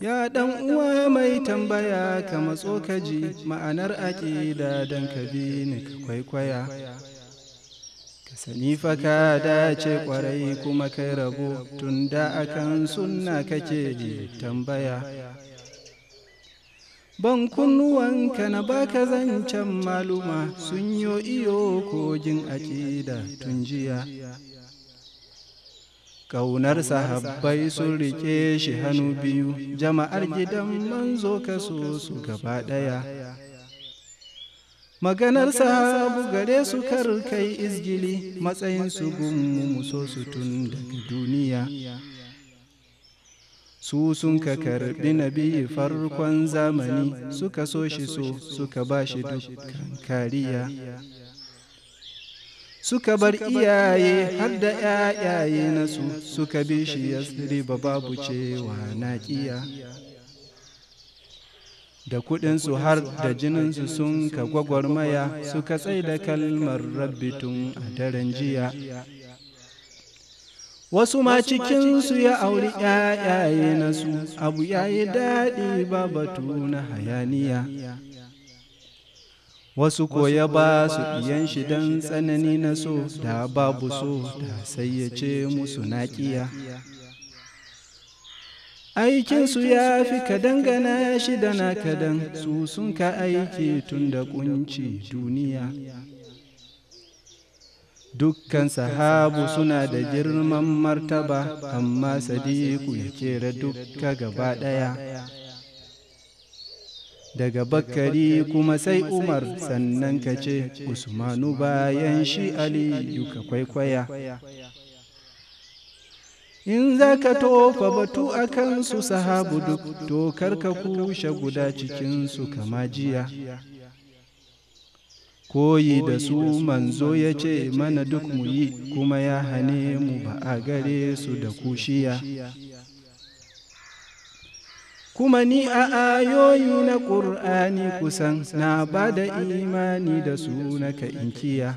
ya ɗan uwa mai tambaya ka matso ka ji ma'anar aƙida don ka bi ni ka kwaikwaya ka sani fa ka dace kwarai kuma kai rabo tun da akan sunna kake ji tambaya ban kunnuwanka na baka zancen maluma sun yo iyo kogin aƙida tun jiya Ƙaunar sahabbai sun riƙe shi hannu biyu, jama'ar gidan manzo kaso su gaba ɗaya. Maganar sahabu gare su kar kai izgili, matsayin su gunmu su tun daga duniya. Su sun ka karɓi nabi farkon zamani, suka so shi so, suka ba shi dukkan kariya. suka bar iyaye har da yayaye nasu suka bi shi ya babu cewa na kiya da kuɗinsu har da jininsu sun ka gwagwarmaya suka tsai da kalmar rabbitun a daren jiya wasu ma cikinsu ya auri yayaye nasu abu yayi daɗi ba batu na hayaniya wasu koya ba su ɗiyan shi don tsanani na so da babu so da sai ya ce musu naƙiya aikinsu ya fi ka dangana shi da na kadan su sun ka aiki tun da kunci duniya dukkan sahabu suna da girman martaba amma sadiku ya kera dukka gaba ɗaya daga bakari kuma sai umar sannan ka ce usmanu bayan shi aliyu ka kwaikwaya in za ka tofa batu a kansu sahabu duk to karka kushe guda cikinsu kama jiya koyi da su manzo ya ce mana duk mu yi kuma ya hane mu ba a gare su da kushiya kuma ni a ayoyi na ƙur'ani kusan na ba da imani da su na ka inkiya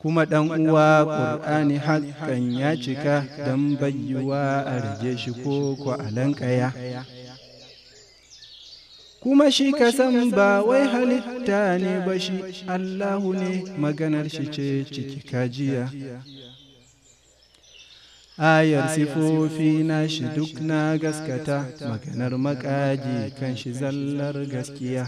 kuma ɗan uwa ƙur'ani hakan ya cika don bayyuwa a rage shi ko ko a kuma shi ka san ba wai halitta ne ba shi allahu ne maganar shi ce ciki kajiya ayar sifofi na shi duk na gaskata maganar makaji kan shi zallar gaskiya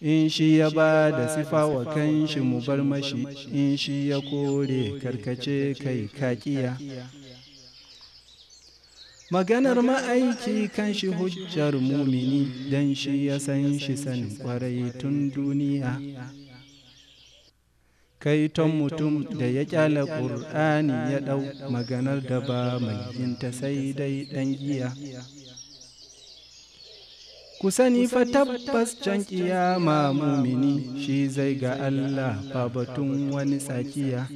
in shi ya ba da sifa wa kan shi mu bar mashi in shi ya kore karkace kai kakiya maganar ma'aiki kan shi hujjar mumini don shi ya san shi sanin kwarai tun duniya kaiton mutum da ya kyala ƙur'ani ya ɗau maganar da ba mai ta sai dai ɗan giya ku sani fa tabbas can kiyama mumini shi zai ga allah ba batun wani tsakiya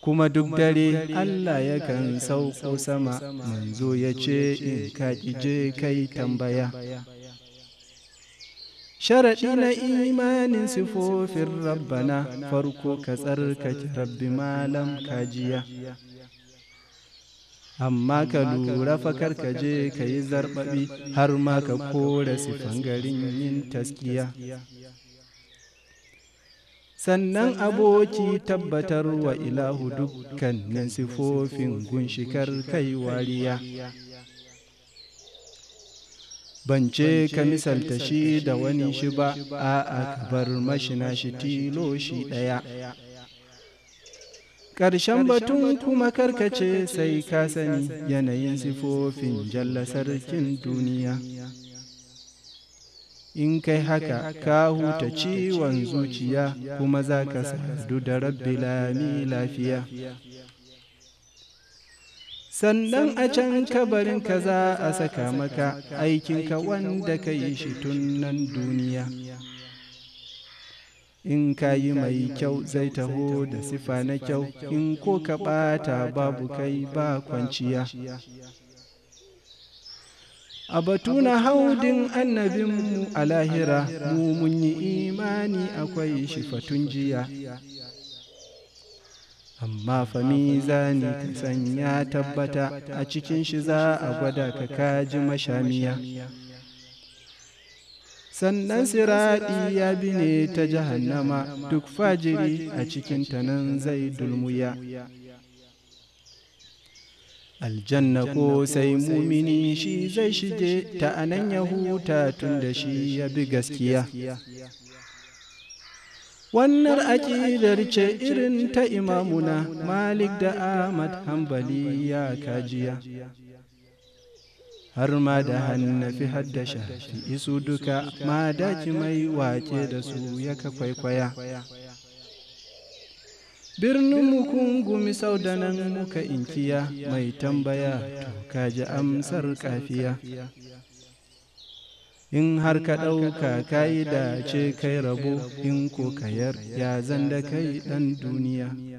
kuma duk dare allah yakan sauko sama manzo ya ce in ka je kai tambaya sharaɗi na imanin sifofin rabbana farko ka tsarkake rabbi malam kajiya amma ka lura fakar ka je ka yi zarɓaɓi har ma ka kora sifan garin yin taskiya sannan aboki tabbatar wa ilahu dukkanin sifofin gunshikar kai wariya ban ce ka misalta shi da wani shi ba a bar mashina shi tilo shi ɗaya ƙarshen batun kuma karkace sai ka sani yanayin sifofin jalla sarkin duniya in kai haka ka huta ciwon zuciya kuma za ka sadu da rabbi lami lafiya sannan a can kabarin ka za a saka maka aikinka wanda ka yi shi tun nan duniya in ka yi mai kyau zai taho da sifa na kyau in ko ka ɓata babu kai ba kwanciya a batu na haudin mu a lahira mu mun yi imani akwai shi fatun jiya amma fa mizani ka sanya tabbata a cikin shi za a gwada ka kaji mashamiya sannan siraɗi ya bi ne ta jahannama duk fajiri a cikin ta nan zai dulmuya aljanna ko sai mumini shi zai shige ta anan ya huta tun da shi ya bi gaskiya wannan aƙidar ce irin ta imamuna malik da ahmad hambali ya kajiya har ma da hannafi hadda shafi isu duka ma daki mai wake da su ya ka kwaikwaya birnin gumi sau da nan muka inkiya mai tambaya to kaji amsar kafiya in har ka ɗauka ka'ida ce kai rabo in ko kayar ya zan da kai ɗan duniya